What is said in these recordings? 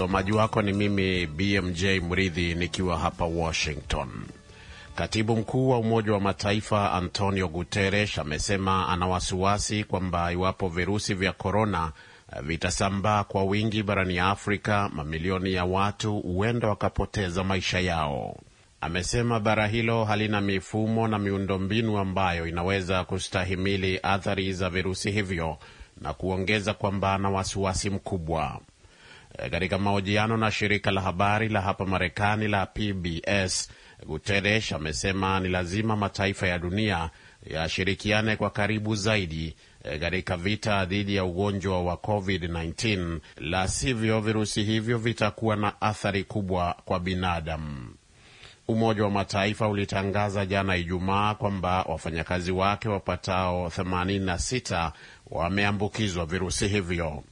Msomaji wako ni mimi BMJ Mridhi nikiwa hapa Washington. Katibu mkuu wa Umoja wa Mataifa Antonio Guterres amesema ana wasiwasi kwamba iwapo virusi vya korona eh, vitasambaa kwa wingi barani ya Afrika, mamilioni ya watu huenda wakapoteza maisha yao. Amesema bara hilo halina mifumo na miundombinu ambayo inaweza kustahimili athari za virusi hivyo na kuongeza kwamba ana wasiwasi mkubwa. Eh, katika mahojiano na shirika la habari la hapa Marekani la PBS, Guterres amesema ni lazima mataifa ya dunia yashirikiane kwa karibu zaidi eh, katika vita dhidi ya ugonjwa wa COVID-19, la sivyo virusi hivyo vitakuwa na athari kubwa kwa binadamu. Umoja wa Mataifa ulitangaza jana Ijumaa kwamba wafanyakazi wake wapatao 86 wameambukizwa virusi hivyo.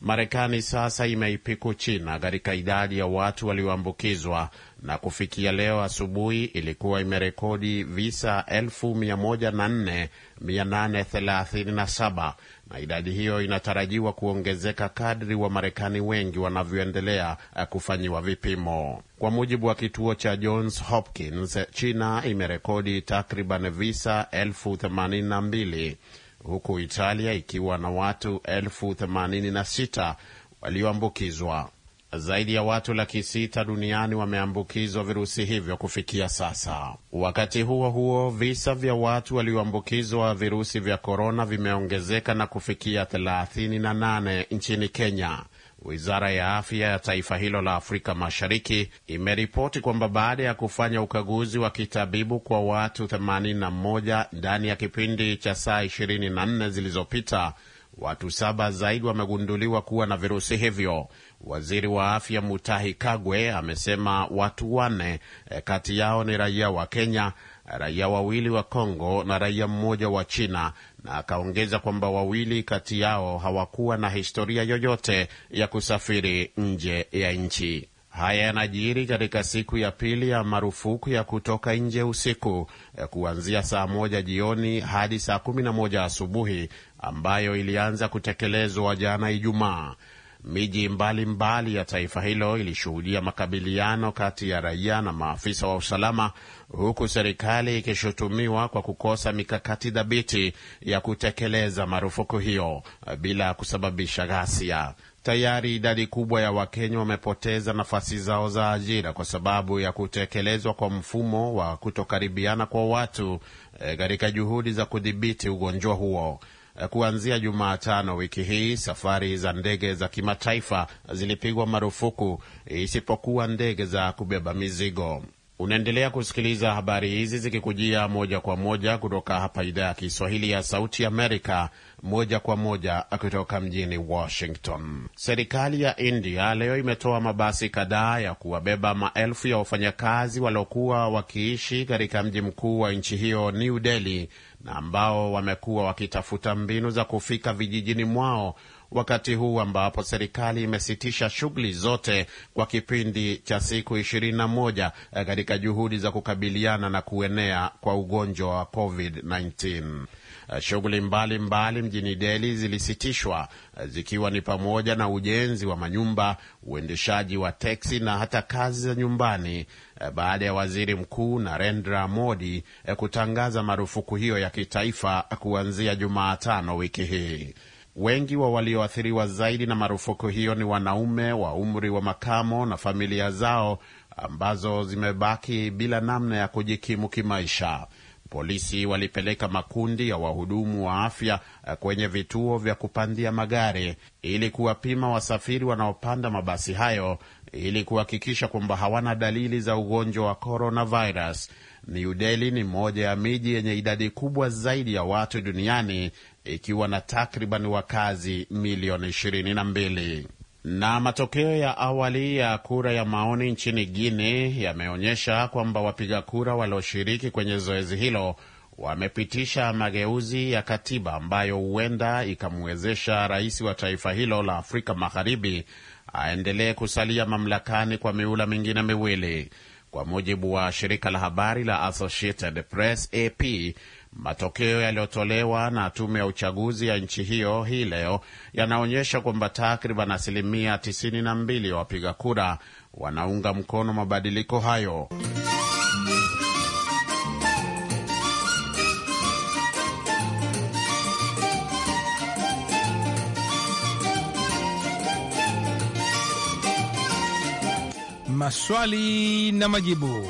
Marekani sasa imeipiku China katika idadi ya watu walioambukizwa na kufikia leo asubuhi ilikuwa imerekodi visa 14837 na idadi hiyo inatarajiwa kuongezeka kadri wa Marekani wengi wanavyoendelea eh, kufanyiwa vipimo. Kwa mujibu wa kituo cha Johns Hopkins, China imerekodi takriban visa elfu themanini na mbili huku Italia ikiwa na watu elfu themanini na sita walioambukizwa. Zaidi ya watu laki sita duniani wameambukizwa virusi hivyo kufikia sasa. Wakati huo huo, visa vya watu walioambukizwa virusi vya korona vimeongezeka na kufikia 38 nchini Kenya. Wizara ya afya ya taifa hilo la Afrika Mashariki imeripoti kwamba baada ya kufanya ukaguzi wa kitabibu kwa watu 81 ndani ya kipindi cha saa 24 zilizopita, watu saba zaidi wamegunduliwa kuwa na virusi hivyo. Waziri wa afya Mutahi Kagwe amesema watu wanne eh, kati yao ni raia wa Kenya raia wawili wa Kongo na raia mmoja wa China, na akaongeza kwamba wawili kati yao hawakuwa na historia yoyote ya kusafiri nje ya nchi. Haya yanajiri katika siku ya pili ya marufuku ya kutoka nje usiku eh, kuanzia saa moja jioni hadi saa kumi na moja asubuhi ambayo ilianza kutekelezwa jana Ijumaa. Miji mbalimbali mbali ya taifa hilo ilishuhudia makabiliano kati ya raia na maafisa wa usalama, huku serikali ikishutumiwa kwa kukosa mikakati dhabiti ya kutekeleza marufuku hiyo bila kusababisha ghasia. Tayari idadi kubwa ya Wakenya wamepoteza nafasi zao za ajira kwa sababu ya kutekelezwa kwa mfumo wa kutokaribiana kwa watu eh, katika e, juhudi za kudhibiti ugonjwa huo. Eh, kuanzia Jumatano wiki hii, safari za ndege za kimataifa zilipigwa marufuku isipokuwa ndege za kubeba mizigo. Unaendelea kusikiliza habari hizi zikikujia moja kwa moja kutoka hapa idhaa ya Kiswahili ya Sauti Amerika, moja kwa moja kutoka mjini Washington. Serikali ya India leo imetoa mabasi kadhaa ya kuwabeba maelfu ya wafanyakazi waliokuwa wakiishi katika mji mkuu wa nchi hiyo New Delhi, na ambao wamekuwa wakitafuta mbinu za kufika vijijini mwao wakati huu ambapo serikali imesitisha shughuli zote kwa kipindi cha siku ishirini na moja eh, katika juhudi za kukabiliana na kuenea kwa ugonjwa wa COVID-19. Eh, shughuli mbalimbali mjini deli zilisitishwa eh, zikiwa ni pamoja na ujenzi wa manyumba, uendeshaji wa teksi na hata kazi za nyumbani baada ya waziri mkuu Narendra Modi kutangaza marufuku hiyo ya kitaifa kuanzia Jumatano wiki hii. Wengi wa walioathiriwa zaidi na marufuku hiyo ni wanaume wa umri wa makamo na familia zao ambazo zimebaki bila namna ya kujikimu kimaisha. Polisi walipeleka makundi ya wahudumu wa afya kwenye vituo vya kupandia magari ili kuwapima wasafiri wanaopanda mabasi hayo ili kuhakikisha kwamba hawana dalili za ugonjwa wa coronavirus. New Delhi ni moja ya miji yenye idadi kubwa zaidi ya watu duniani ikiwa na takriban wakazi milioni ishirini na mbili. Na matokeo ya awali ya kura ya maoni nchini Guinea yameonyesha kwamba wapiga kura walioshiriki kwenye zoezi hilo wamepitisha mageuzi ya katiba ambayo huenda ikamwezesha rais wa taifa hilo la Afrika Magharibi aendelee kusalia mamlakani kwa miula mingine miwili. Kwa mujibu wa shirika la habari la Associated Press, AP, Matokeo yaliyotolewa na tume ya uchaguzi ya nchi hiyo hii leo yanaonyesha kwamba takriban asilimia 92 ya wapiga kura wanaunga mkono mabadiliko hayo. Maswali na majibu.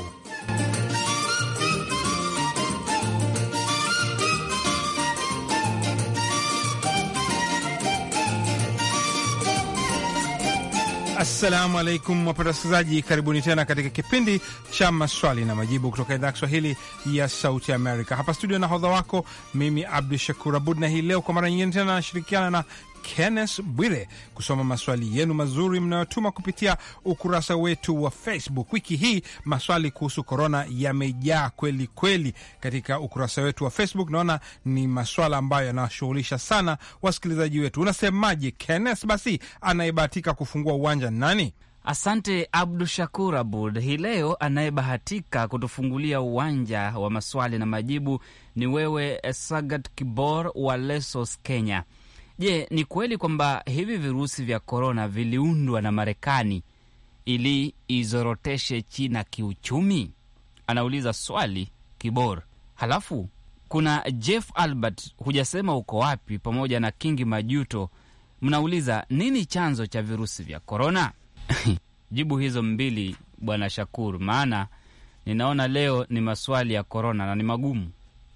Assalamu alaikum wapenda wasikilizaji, karibuni tena katika kipindi cha maswali na majibu kutoka idhaa ya Kiswahili ya Sauti Amerika. Hapa studio, nahodha wako mimi Abdu Shakur Abud, na hii leo kwa mara nyingine tena nashirikiana na Kenneth Bwire kusoma maswali yenu mazuri mnayotuma kupitia ukurasa wetu wa Facebook. Wiki hii maswali kuhusu korona yamejaa kweli kweli katika ukurasa wetu wa Facebook. Naona ni maswala ambayo yanawashughulisha sana wasikilizaji wetu. Unasemaje Kenneth? Basi anayebahatika kufungua uwanja nani? Asante Abdu Shakur Abud. Hii leo anayebahatika kutufungulia uwanja wa maswali na majibu ni wewe Sagat Kibor wa Lesos, Kenya. Je, ni kweli kwamba hivi virusi vya korona viliundwa na Marekani ili izoroteshe China kiuchumi? Anauliza swali kibor. Halafu kuna Jeff Albert, hujasema uko wapi, pamoja na Kingi Majuto, mnauliza nini chanzo cha virusi vya korona? Jibu hizo mbili Bwana shakur maana ninaona leo ni maswali ya korona na ni magumu.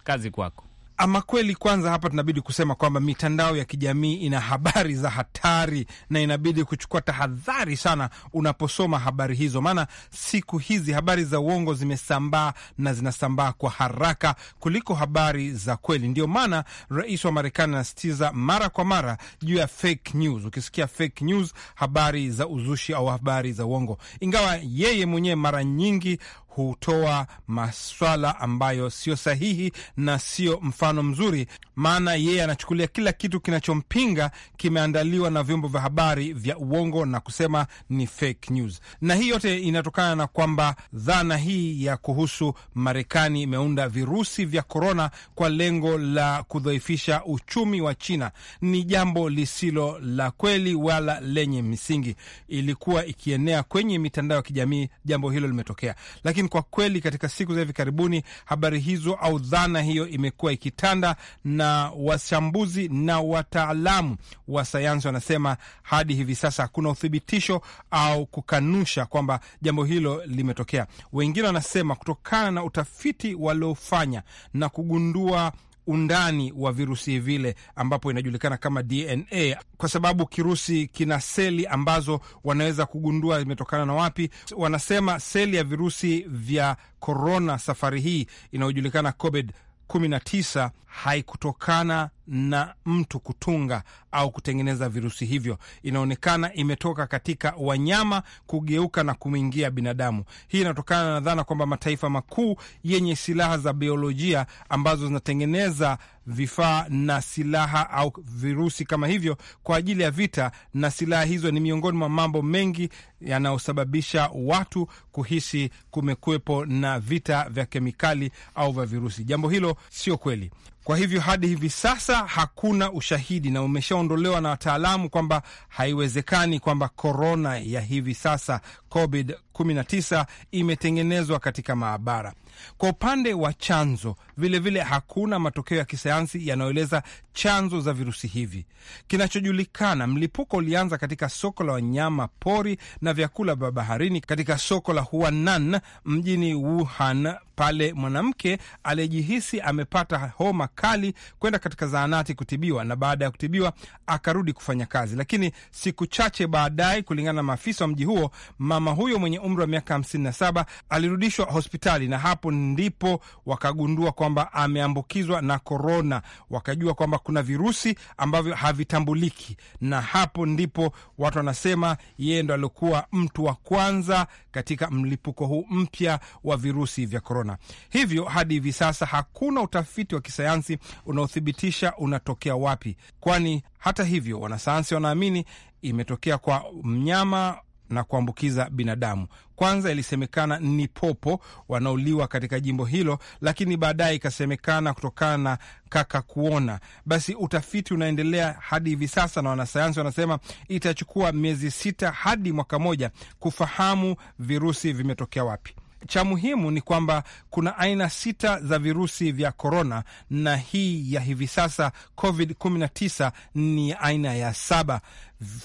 Kazi kwako. Ama kweli, kwanza hapa tunabidi kusema kwamba mitandao ya kijamii ina habari za hatari na inabidi kuchukua tahadhari sana unaposoma habari hizo, maana siku hizi habari za uongo zimesambaa na zinasambaa kwa haraka kuliko habari za kweli. Ndio maana rais wa Marekani anasitiza mara kwa mara juu ya fake news. Ukisikia fake news, habari za uzushi au habari za uongo, ingawa yeye mwenyewe mara nyingi hutoa maswala ambayo sio sahihi na sio mfano mzuri, maana yeye anachukulia kila kitu kinachompinga kimeandaliwa na vyombo vya habari vya uongo na kusema ni fake news. Na hii yote inatokana na kwamba dhana hii ya kuhusu Marekani imeunda virusi vya korona kwa lengo la kudhoifisha uchumi wa China ni jambo lisilo la kweli wala lenye misingi. Ilikuwa ikienea kwenye mitandao ya kijamii, jambo hilo limetokea lakini lakini kwa kweli katika siku za hivi karibuni habari hizo au dhana hiyo imekuwa ikitanda, na wachambuzi na wataalamu wa sayansi wanasema hadi hivi sasa hakuna uthibitisho au kukanusha kwamba jambo hilo limetokea. Wengine wanasema kutokana na utafiti waliofanya na kugundua undani wa virusi vile, ambapo inajulikana kama DNA, kwa sababu kirusi kina seli ambazo wanaweza kugundua imetokana na wapi. Wanasema seli ya virusi vya korona safari hii inayojulikana COVID 19 haikutokana na mtu kutunga au kutengeneza virusi hivyo. Inaonekana imetoka katika wanyama kugeuka na kumwingia binadamu. Hii inatokana na dhana kwamba mataifa makuu yenye silaha za biolojia ambazo zinatengeneza vifaa na silaha au virusi kama hivyo kwa ajili ya vita, na silaha hizo ni miongoni mwa mambo mengi yanayosababisha watu kuhisi kumekwepo na vita vya kemikali au vya virusi. Jambo hilo sio kweli. Kwa hivyo hadi hivi sasa hakuna ushahidi na umeshaondolewa na wataalamu kwamba haiwezekani kwamba korona ya hivi sasa COVID 19 imetengenezwa katika maabara. Kwa upande wa chanzo, vilevile vile hakuna matokeo ya kisayansi yanayoeleza chanzo za virusi hivi. Kinachojulikana, mlipuko ulianza katika soko la wanyama pori na vyakula vya baharini katika soko la Huanan mjini Wuhan pale mwanamke aliyejihisi amepata homa kali kwenda katika zahanati kutibiwa, na baada ya kutibiwa akarudi kufanya kazi. Lakini siku chache baadaye, kulingana na maafisa wa mji huo, mama huyo mwenye umri wa miaka 57 alirudishwa hospitali, na hapo ndipo wakagundua kwamba ameambukizwa na korona. Wakajua kwamba kuna virusi ambavyo havitambuliki, na hapo ndipo watu wanasema yeye ndo aliokuwa mtu wa kwanza katika mlipuko huu mpya wa virusi vya korona. Hivyo hadi hivi sasa hakuna utafiti wa kisayansi unaothibitisha unatokea wapi, kwani hata hivyo wanasayansi wanaamini imetokea kwa mnyama na kuambukiza binadamu. Kwanza ilisemekana ni popo wanaoliwa katika jimbo hilo, lakini baadaye ikasemekana kutokana na kaka kuona. Basi utafiti unaendelea hadi hivi sasa, na wanasayansi wanasema itachukua miezi sita hadi mwaka moja kufahamu virusi vimetokea wapi cha muhimu ni kwamba kuna aina sita za virusi vya korona, na hii ya hivi sasa COVID 19 ni aina ya saba.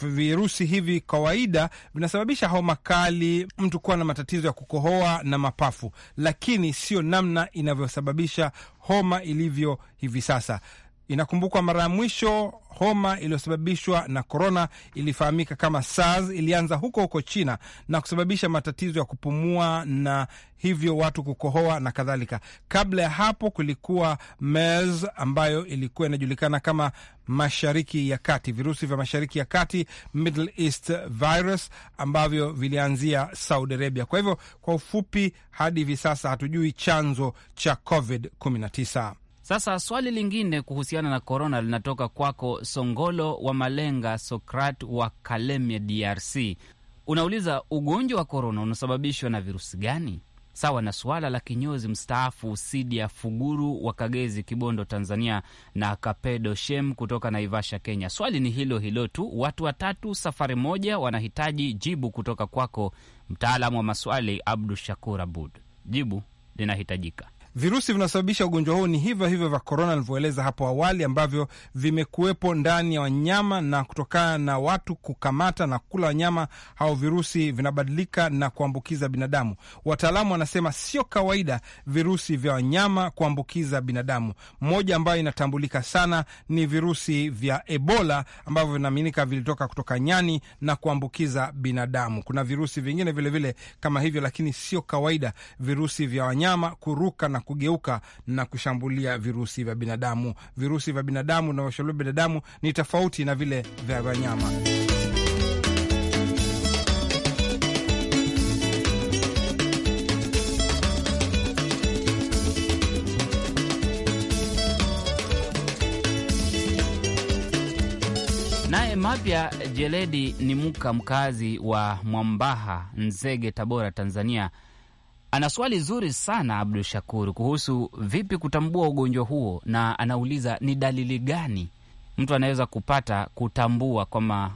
Virusi hivi kawaida vinasababisha homa kali, mtu kuwa na matatizo ya kukohoa na mapafu, lakini sio namna inavyosababisha homa ilivyo hivi sasa. Inakumbukwa mara ya mwisho homa iliyosababishwa na korona ilifahamika kama SARS ilianza huko huko China na kusababisha matatizo ya kupumua na hivyo watu kukohoa na kadhalika. Kabla ya hapo kulikuwa MERS ambayo ilikuwa inajulikana kama mashariki ya kati, virusi vya mashariki ya kati, Middle East virus ambavyo vilianzia Saudi Arabia. Kwa hivyo, kwa ufupi, hadi hivi sasa hatujui chanzo cha COVID 19. Sasa swali lingine kuhusiana na korona linatoka kwako Songolo wa Malenga Sokrat wa Kalemie, DRC. Unauliza, ugonjwa wa korona unasababishwa na virusi gani? Sawa na suala la kinyozi mstaafu Sidia Fuguru wa Kagezi, Kibondo, Tanzania, na Kapedo Shem kutoka Naivasha, Kenya. Swali ni hilo hilo tu, watu watatu safari moja wanahitaji jibu kutoka kwako, mtaalamu wa maswali Abdu Shakur Abud. Jibu linahitajika. Virusi vinaosababisha ugonjwa huu ni hivyo hivyo vya korona alivyoeleza hapo awali, ambavyo vimekuwepo ndani ya wanyama, na kutokana na watu kukamata na kula wanyama hao, virusi vinabadilika na kuambukiza binadamu. Wataalamu wanasema sio kawaida virusi vya wanyama kuambukiza binadamu. Moja ambayo inatambulika sana ni virusi vya Ebola ambavyo vinaaminika vilitoka kutoka nyani na kuambukiza binadamu. Kuna virusi vingine vilevile vile kama hivyo, lakini sio kawaida virusi vya wanyama kuruka na na kugeuka na kushambulia virusi vya binadamu. Virusi vya binadamu na washambulia binadamu ni tofauti na vile vya wanyama. Naye Mapya Jeledi ni Muka, mkazi wa Mwambaha, Nzege, Tabora, Tanzania ana swali zuri sana Abdu Shakur kuhusu vipi kutambua ugonjwa huo, na anauliza ni dalili gani mtu anaweza kupata kutambua kwamba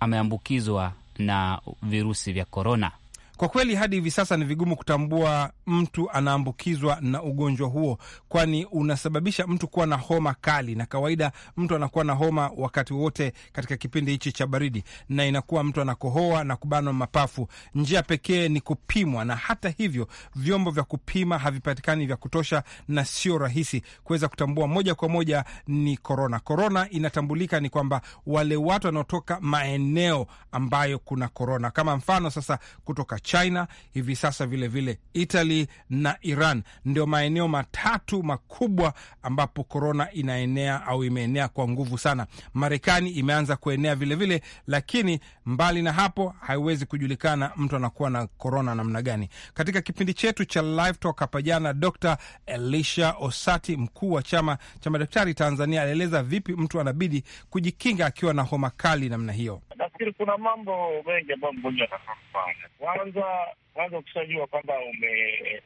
ameambukizwa na virusi vya korona. Kwa kweli hadi hivi sasa ni vigumu kutambua mtu anaambukizwa na ugonjwa huo, kwani unasababisha mtu kuwa na homa kali, na kawaida mtu anakuwa na homa wakati wote katika kipindi hichi cha baridi, na inakuwa mtu anakohoa na kubanwa mapafu. Njia pekee ni kupimwa, na hata hivyo vyombo vya kupima havipatikani vya kutosha, na sio rahisi kuweza kutambua moja kwa moja ni korona. Korona inatambulika ni kwamba wale watu wanaotoka maeneo ambayo kuna korona, kama mfano sasa kutoka China hivi sasa, vilevile itali Italy na Iran ndio maeneo matatu makubwa ambapo korona inaenea au imeenea kwa nguvu sana. Marekani imeanza kuenea vilevile vile, lakini mbali na hapo haiwezi kujulikana mtu anakuwa na korona namna gani. Katika kipindi chetu cha Live Talk hapa jana, Dr Elisha Osati, mkuu wa chama cha madaktari Tanzania, alieleza vipi mtu anabidi kujikinga akiwa na homa kali namna hiyo nafikiri kuna mambo mengi ambayo mgonjwa anafaa kufanya. Kwanza kwanza, ukishajua kwamba ume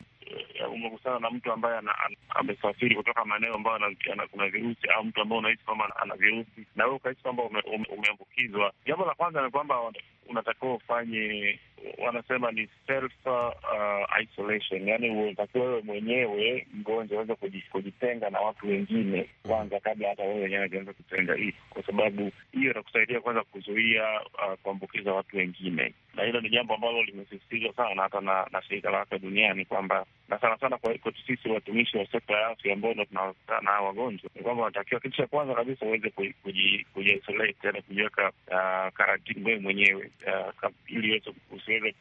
umekutana na mtu ambaye amesafiri kutoka maeneo ambayo kuna virusi au mtu ambaye unahisi kwamba ana virusi na wewe ukahisi kwamba umeambukizwa, jambo la kwanza ni kwamba unatakiwa ufanye, wanasema ni self uh, isolation, yani unatakiwa wewe mwenyewe mgonjwa uweze kujitenga na watu wengine kwanza, kabla hata wewe wenyewe ajaweza kutenga hii, kwa sababu hiyo itakusaidia kwanza kuzuia uh, kuambukiza watu wengine, na hilo ni jambo ambalo limesisitizwa sana hata na, na shirika la afya duniani kwamba na sana sana kwetu sisi watumishi wa sekta ya afya ambao ndo tunakutana na wagonjwa, ni kwamba wanatakiwa, kitu cha kwanza kabisa uweze kujiisolate, yaani kujiweka ah, karantini wewe mwenyewe, ah, ili usiweze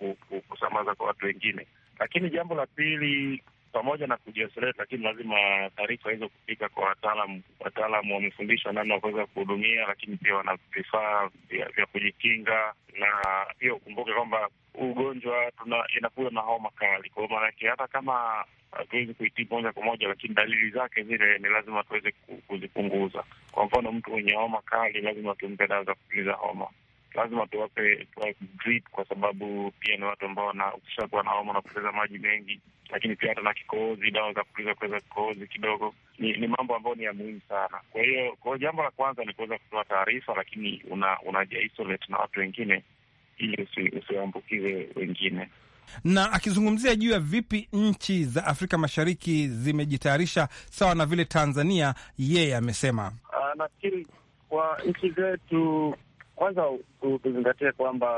kusambaza kwa watu wengine. Lakini jambo la pili pamoja na kujiosolea, lakini lazima taarifa hizo kufika kwa wataalam wataalam wamefundishwa namna wakuweza kuhudumia, lakini pia wana vifaa vya kujikinga, na pia ukumbuke kwamba ugonjwa inakuwa na homa kali. Kwa hiyo maanake hata kama hatuwezi kuitibu moja kwa moja, lakini dalili zake zile ni lazima tuweze kuzipunguza. Kwa mfano, mtu mwenye homa kali lazima tumpe dawa za kutuliza homa lazima tuwape grid kwa sababu pia ni watu ambao ukishakuwa nao wanapoteza maji mengi, lakini pia hata na kikohozi, dawa za kutuliza kuweza kikohozi kidogo ni, ni mambo ambayo ni ya muhimu sana. Kwa hiyo kwa jambo la kwanza ni kuweza kutoa taarifa, lakini unaja una na watu wengine ili usiwaambukize wengine. Na akizungumzia juu ya vipi nchi za Afrika Mashariki zimejitayarisha sawa na vile Tanzania, yeye amesema ah, nafikiri kwa nchi zetu kwanza tuzingatie kwamba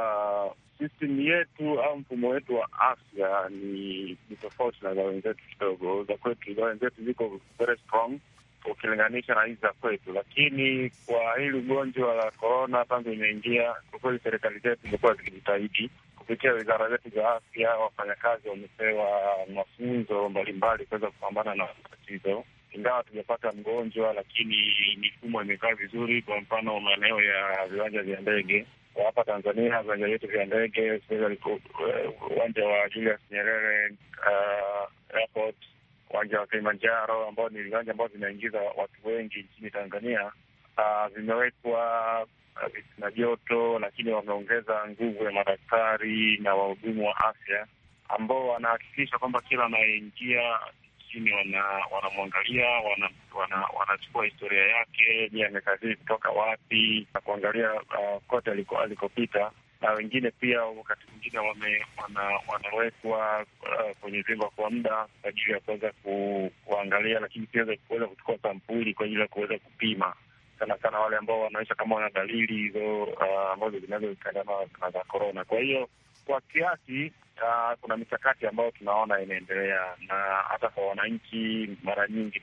system yetu au mfumo wetu wa afya ni tofauti na za wenzetu kidogo. Za kwetu za wenzetu ziko very strong ukilinganisha na hizi za kwetu, lakini kwa hili ugonjwa la korona tangu imeingia, kwa kweli serikali zetu zimekuwa zikijitahidi kupitia wizara zetu za afya, wafanyakazi wamepewa mafunzo mbalimbali kuweza kupambana na matatizo ingawa hatujapata mgonjwa, lakini mifumo imekaa vizuri. Kwa mfano maeneo ya viwanja vya ndege kwa hapa Tanzania, viwanja vyetu vya ndege, eh, uwanja wa Julius Nyerere uh, airport, uwanja wa Kilimanjaro ambao ni viwanja ambao vinaingiza watu wengi nchini Tanzania uh, vimewekwa uh, na joto lakini wameongeza nguvu ya madaktari na wahudumu wa afya ambao wanahakikisha kwamba kila anayeingia kazini wanamwangalia, wana wanachukua wana, wana historia yake, je, amekaa kazini kutoka wapi, na kuangalia uh, kote aliko, alikopita na wengine pia wakati mwingine wame, wana, wanawekwa uh, kwenye vyumba kwa muda kwa ajili ya kuweza kuangalia, lakini pia kuweza kuchukua sampuli kwa ajili ya kuweza kupima sana sana wale ambao wanaonyesha kama wana dalili hizo uh, ambazo zinaweza na za korona. Kwa hiyo kwa kiasi uh, kuna mikakati ambayo tunaona inaendelea, na hata kwa wananchi, mara nyingi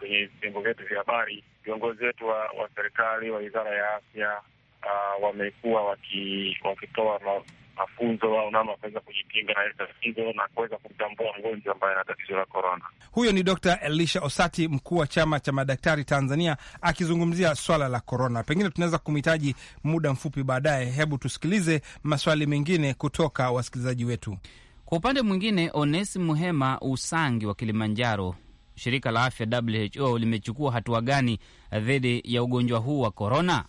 kwenye vitengo vyetu vya habari, viongozi wetu wa, wa serikali wa wizara ya afya uh, wamekuwa wakitoa waki mafunzo au namna kuweza kujikinga na tatizo na kuweza kumtambua mgonjwa ambaye ana tatizo la korona. Huyo ni Dr. Elisha Osati, mkuu wa chama cha madaktari Tanzania, akizungumzia swala la korona. Pengine tunaweza kumhitaji muda mfupi baadaye. Hebu tusikilize maswali mengine kutoka wasikilizaji wetu. Kwa upande mwingine, onesi muhema Usangi wa Kilimanjaro, shirika la afya WHO limechukua hatua gani dhidi ya ugonjwa huu wa korona?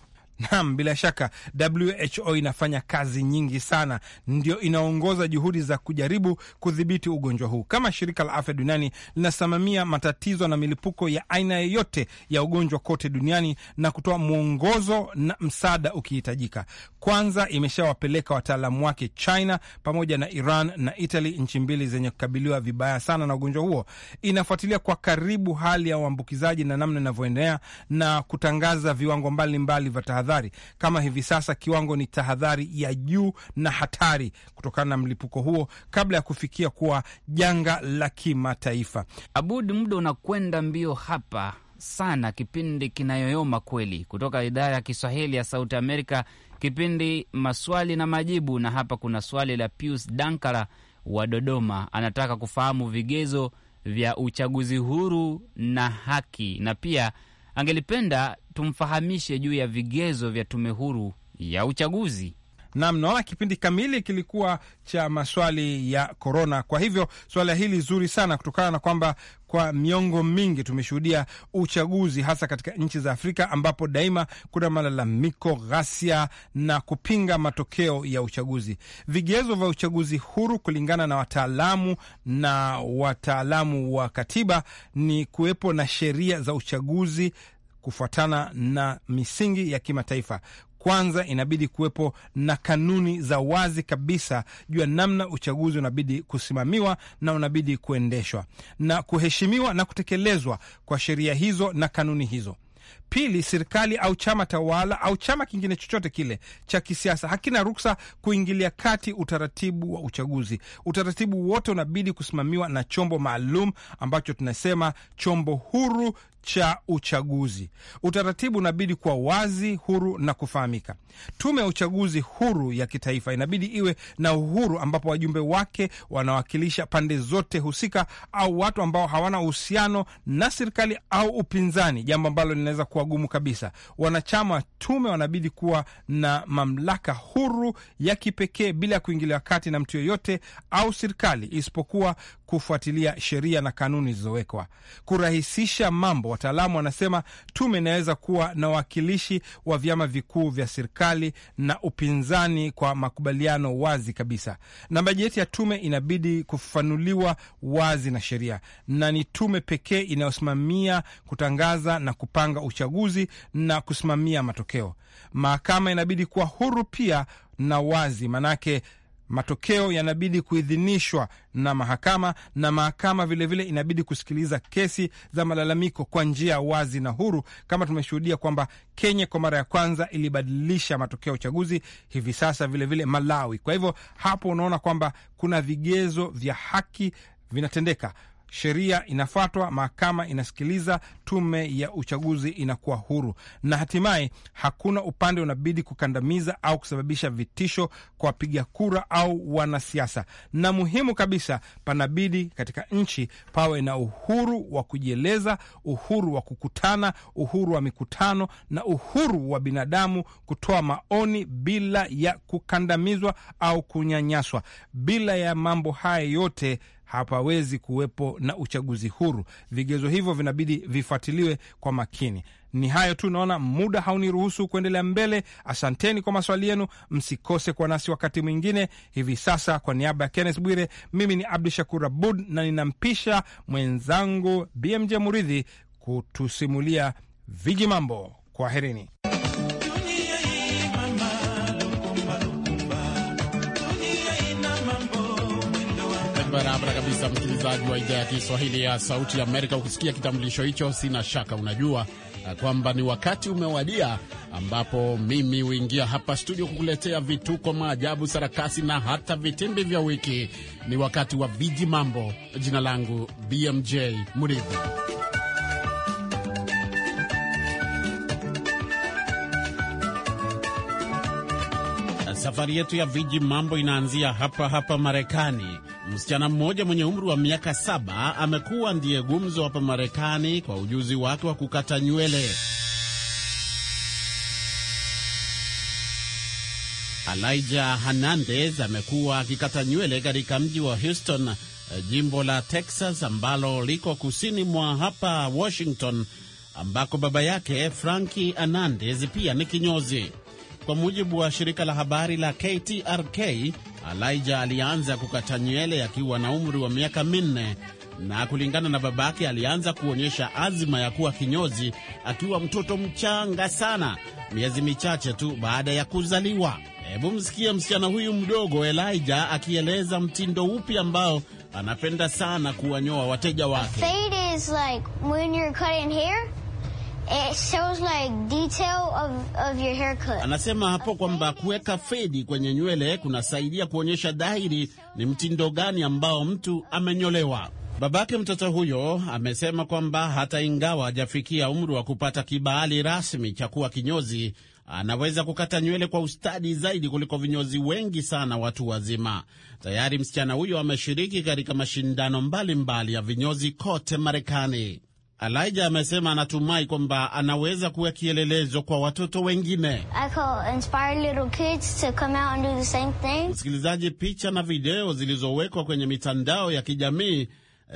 Naam, bila shaka WHO inafanya kazi nyingi sana, ndio inaongoza juhudi za kujaribu kudhibiti ugonjwa huu. Kama shirika la afya duniani linasimamia matatizo na milipuko ya aina yoyote ya ugonjwa kote duniani na kutoa mwongozo na msaada ukihitajika. Kwanza imeshawapeleka wataalamu wake China pamoja na Iran na Italy, nchi mbili zenye kukabiliwa vibaya sana na ugonjwa huo. Inafuatilia kwa karibu hali ya uambukizaji na namna inavyoendelea na kutangaza viwango mbalimbali vya tahadhari tahadhari. Kama hivi sasa kiwango ni tahadhari ya juu na hatari kutokana na mlipuko huo kabla ya kufikia kuwa janga la kimataifa. Abud, muda unakwenda mbio hapa sana. Kipindi kinayoyoma kweli, kutoka idara ya Kiswahili ya Sauti Amerika, kipindi maswali na majibu, na hapa kuna swali la Pius dankara wa Dodoma, anataka kufahamu vigezo vya uchaguzi huru na haki, na pia angelipenda tumfahamishe juu ya vigezo vya tume huru ya uchaguzi. Nam, naona kipindi kamili kilikuwa cha maswali ya korona. Kwa hivyo swala hili zuri sana, kutokana na kwamba kwa miongo mingi tumeshuhudia uchaguzi hasa katika nchi za Afrika ambapo daima kuna malalamiko, ghasia na kupinga matokeo ya uchaguzi. Vigezo vya uchaguzi huru kulingana na wataalamu na wataalamu wa katiba ni kuwepo na sheria za uchaguzi kufuatana na misingi ya kimataifa. Kwanza inabidi kuwepo na kanuni za wazi kabisa juu ya namna uchaguzi unabidi kusimamiwa na unabidi kuendeshwa na kuheshimiwa na kutekelezwa kwa sheria hizo na kanuni hizo. Pili, serikali au chama tawala au chama kingine chochote kile cha kisiasa hakina ruksa kuingilia kati utaratibu wa uchaguzi. Utaratibu wote unabidi kusimamiwa na chombo maalum ambacho tunasema chombo huru cha uchaguzi. Utaratibu unabidi kuwa wazi, huru na kufahamika. Tume ya uchaguzi huru ya kitaifa inabidi iwe na uhuru, ambapo wajumbe wake wanawakilisha pande zote husika au watu ambao hawana uhusiano na serikali au upinzani, jambo ambalo linaweza kuwa gumu kabisa. Wanachama wa tume wanabidi kuwa na mamlaka huru ya kipekee bila ya kuingilia kati na mtu yoyote au serikali, isipokuwa kufuatilia sheria na kanuni zilizowekwa. Kurahisisha mambo, wataalamu wanasema tume inaweza kuwa na wakilishi wa vyama vikuu vya serikali na upinzani kwa makubaliano wazi kabisa, na bajeti ya tume inabidi kufafanuliwa wazi na sheria, na ni tume pekee inayosimamia kutangaza na kupanga uchaguzi na kusimamia matokeo. Mahakama inabidi kuwa huru pia na wazi, manake matokeo yanabidi kuidhinishwa na mahakama, na mahakama vilevile vile inabidi kusikiliza kesi za malalamiko kwa njia wazi na huru, kama tumeshuhudia kwamba Kenya kwa mara ya kwanza ilibadilisha matokeo ya uchaguzi hivi sasa, vilevile Malawi. Kwa hivyo hapo unaona kwamba kuna vigezo vya haki vinatendeka sheria inafuatwa, mahakama inasikiliza, tume ya uchaguzi inakuwa huru, na hatimaye hakuna upande unabidi kukandamiza au kusababisha vitisho kwa wapiga kura au wanasiasa. Na muhimu kabisa, panabidi katika nchi pawe na uhuru wa kujieleza, uhuru wa kukutana, uhuru wa mikutano na uhuru wa binadamu kutoa maoni bila ya kukandamizwa au kunyanyaswa. Bila ya mambo haya yote hapawezi kuwepo na uchaguzi huru. Vigezo hivyo vinabidi vifuatiliwe kwa makini. Ni hayo tu, naona muda hauniruhusu kuendelea mbele. Asanteni kwa maswali yenu, msikose kwa nasi wakati mwingine. Hivi sasa, kwa niaba ya Kenneth Bwire, mimi ni Abdu Shakur Abud na ninampisha mwenzangu BMJ Muridhi kutusimulia viji mambo. Kwaherini. barabara kabisa, msikilizaji wa idhaa ya Kiswahili ya Sauti ya Amerika. Ukisikia kitambulisho hicho, sina shaka unajua eh, kwamba ni wakati umewadia ambapo mimi huingia hapa studio kukuletea vituko, maajabu, sarakasi na hata vitimbi vya wiki. Ni wakati wa viji mambo. Jina langu BMJ Murithi. Safari yetu ya viji mambo inaanzia hapa hapa Marekani. Msichana mmoja mwenye umri wa miaka saba amekuwa ndiye gumzo hapa Marekani kwa ujuzi wake wa kukata nywele. Elijah Hernandez amekuwa akikata nywele katika mji wa Houston, eh, jimbo la Texas ambalo liko kusini mwa hapa Washington, ambako baba yake Frankie Hernandez pia ni kinyozi. Kwa mujibu wa shirika la habari la KTRK, Alaija alianza kukata nywele akiwa na umri wa miaka minne na kulingana na babake, alianza kuonyesha azima ya kuwa kinyozi akiwa mtoto mchanga sana, miezi michache tu baada ya kuzaliwa. Hebu msikie msichana huyu mdogo elaija akieleza mtindo upi ambao anapenda sana kuwanyoa wateja wake shows like detail of, of your haircut. Anasema hapo kwamba kuweka fedi kwenye nywele kunasaidia kuonyesha dhahiri ni mtindo gani ambao mtu amenyolewa. Babake mtoto huyo amesema kwamba hata ingawa hajafikia umri wa kupata kibali rasmi cha kuwa kinyozi, anaweza kukata nywele kwa ustadi zaidi kuliko vinyozi wengi sana watu wazima. Tayari msichana huyo ameshiriki katika mashindano mbalimbali mbali ya vinyozi kote Marekani. Alaija amesema anatumai kwamba anaweza kuwa kielelezo kwa watoto wengine. Msikilizaji, picha na video zilizowekwa kwenye mitandao ya kijamii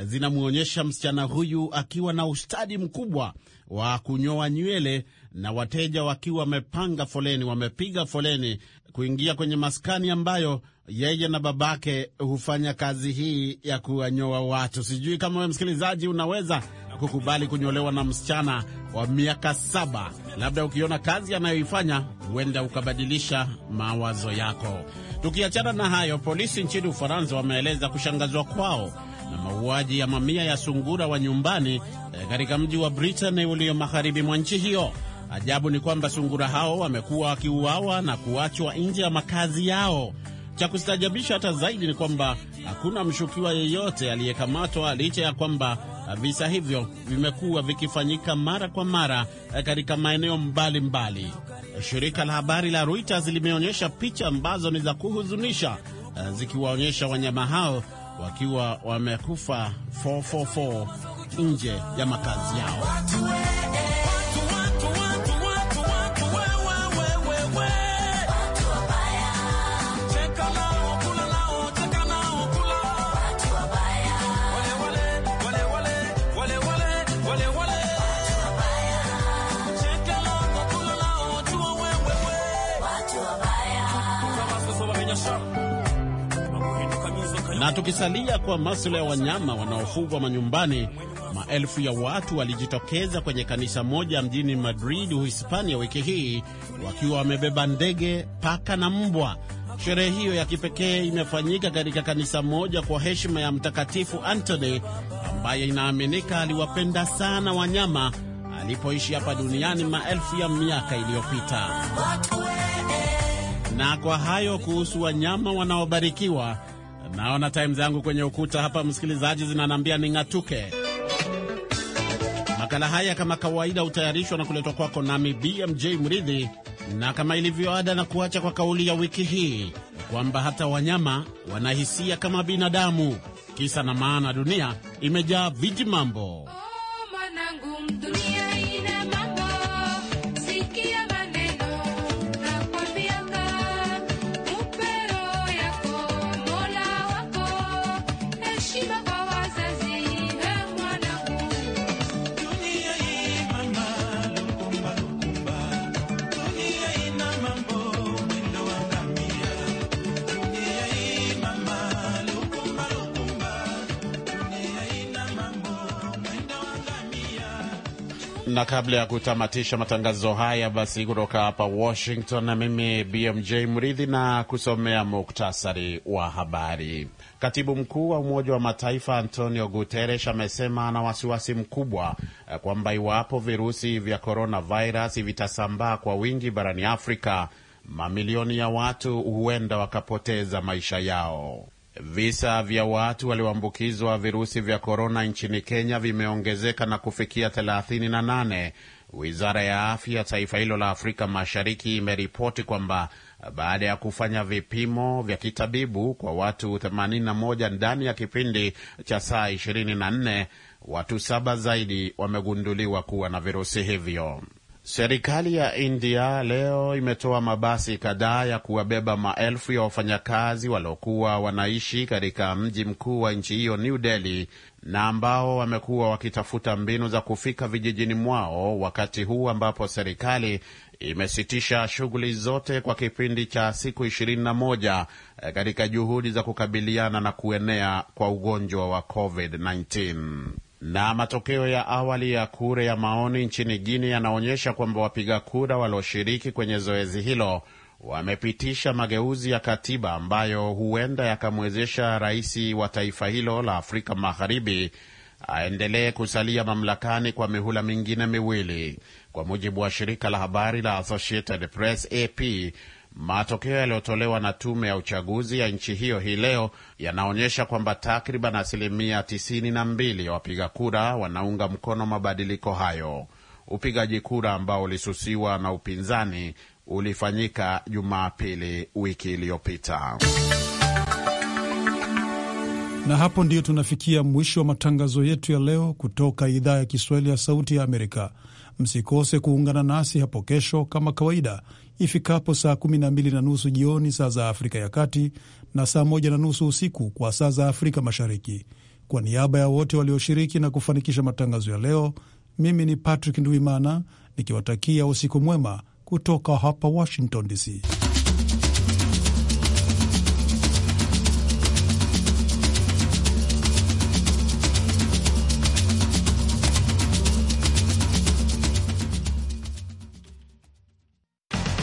zinamwonyesha msichana huyu akiwa na ustadi mkubwa wa kunyoa nywele na wateja wakiwa wamepanga foleni, wamepiga foleni kuingia kwenye maskani ambayo yeye na babake hufanya kazi hii ya kuwanyoa watu. Sijui kama wewe msikilizaji unaweza kukubali kunyolewa na msichana wa miaka saba. Labda ukiona kazi anayoifanya huenda ukabadilisha mawazo yako. Tukiachana na hayo, polisi nchini Ufaransa wameeleza kushangazwa kwao na mauaji ya mamia ya sungura wa nyumbani eh, katika mji wa britani ulio magharibi mwa nchi hiyo. Ajabu ni kwamba sungura hao wamekuwa wakiuawa na kuachwa nje ya makazi yao. Cha kustajabisha hata zaidi ni kwamba hakuna mshukiwa yeyote aliyekamatwa licha ya kwamba visa hivyo vimekuwa vikifanyika mara kwa mara eh, katika maeneo mbalimbali. Shirika la habari la Reuters limeonyesha picha ambazo ni za kuhuzunisha eh, zikiwaonyesha wanyama hao wakiwa wamekufa 444 nje ya makazi yao. Tukisalia kwa masuala ya wanyama wanaofugwa manyumbani, maelfu ya watu walijitokeza kwenye kanisa moja mjini Madrid, Uhispania, wiki hii wakiwa wamebeba ndege, paka na mbwa. Sherehe hiyo ya kipekee imefanyika katika kanisa moja kwa heshima ya Mtakatifu Antony ambaye inaaminika aliwapenda sana wanyama alipoishi hapa duniani maelfu ya miaka iliyopita. Na kwa hayo kuhusu wanyama wanaobarikiwa Naona time zangu kwenye ukuta hapa, msikilizaji, zinanambia ning'atuke. Makala haya kama kawaida hutayarishwa na kuletwa kwako nami BMJ Mridhi, na kama ilivyoada, na kuacha kwa kauli ya wiki hii kwamba hata wanyama wanahisia kama binadamu. Kisa na maana, dunia imejaa viji mambo. na kabla ya kutamatisha matangazo haya, basi kutoka hapa Washington, mimi BMJ Mridhi na kusomea muktasari wa habari. Katibu mkuu wa Umoja wa Mataifa Antonio Guterres amesema ana wasiwasi mkubwa eh, kwamba iwapo virusi vya coronavirus vitasambaa kwa wingi barani Afrika, mamilioni ya watu huenda wakapoteza maisha yao. Visa vya watu walioambukizwa virusi vya korona nchini Kenya vimeongezeka na kufikia 38. Wizara ya afya taifa hilo la Afrika Mashariki imeripoti kwamba baada ya kufanya vipimo vya kitabibu kwa watu 81 ndani ya kipindi cha saa 24, watu saba zaidi wamegunduliwa kuwa na virusi hivyo. Serikali ya India leo imetoa mabasi kadhaa ya kuwabeba maelfu ya wafanyakazi waliokuwa wanaishi katika mji mkuu wa nchi hiyo New Delhi, na ambao wamekuwa wakitafuta mbinu za kufika vijijini mwao, wakati huu ambapo serikali imesitisha shughuli zote kwa kipindi cha siku ishirini na moja eh, katika juhudi za kukabiliana na kuenea kwa ugonjwa wa COVID-19. Na matokeo ya awali ya kura ya maoni nchini Guinea yanaonyesha kwamba wapiga kura walioshiriki kwenye zoezi hilo wamepitisha mageuzi ya katiba ambayo huenda yakamwezesha rais wa taifa hilo la Afrika Magharibi aendelee kusalia mamlakani kwa mihula mingine miwili. Kwa mujibu wa shirika la habari la Associated Press, AP, Matokeo yaliyotolewa na tume ya uchaguzi ya nchi hiyo hii leo yanaonyesha kwamba takriban asilimia tisini na mbili ya wapiga kura wanaunga mkono mabadiliko hayo. Upigaji kura ambao ulisusiwa na upinzani ulifanyika Jumapili wiki iliyopita. Na hapo ndiyo tunafikia mwisho wa matangazo yetu ya leo kutoka idhaa ya Kiswahili ya Sauti ya Amerika. Msikose kuungana nasi hapo kesho kama kawaida ifikapo saa kumi na mbili na nusu jioni saa za Afrika ya Kati na saa moja na nusu usiku kwa saa za Afrika Mashariki. Kwa niaba ya wote walioshiriki na kufanikisha matangazo ya leo, mimi ni Patrick Ndwimana nikiwatakia usiku mwema kutoka hapa Washington DC.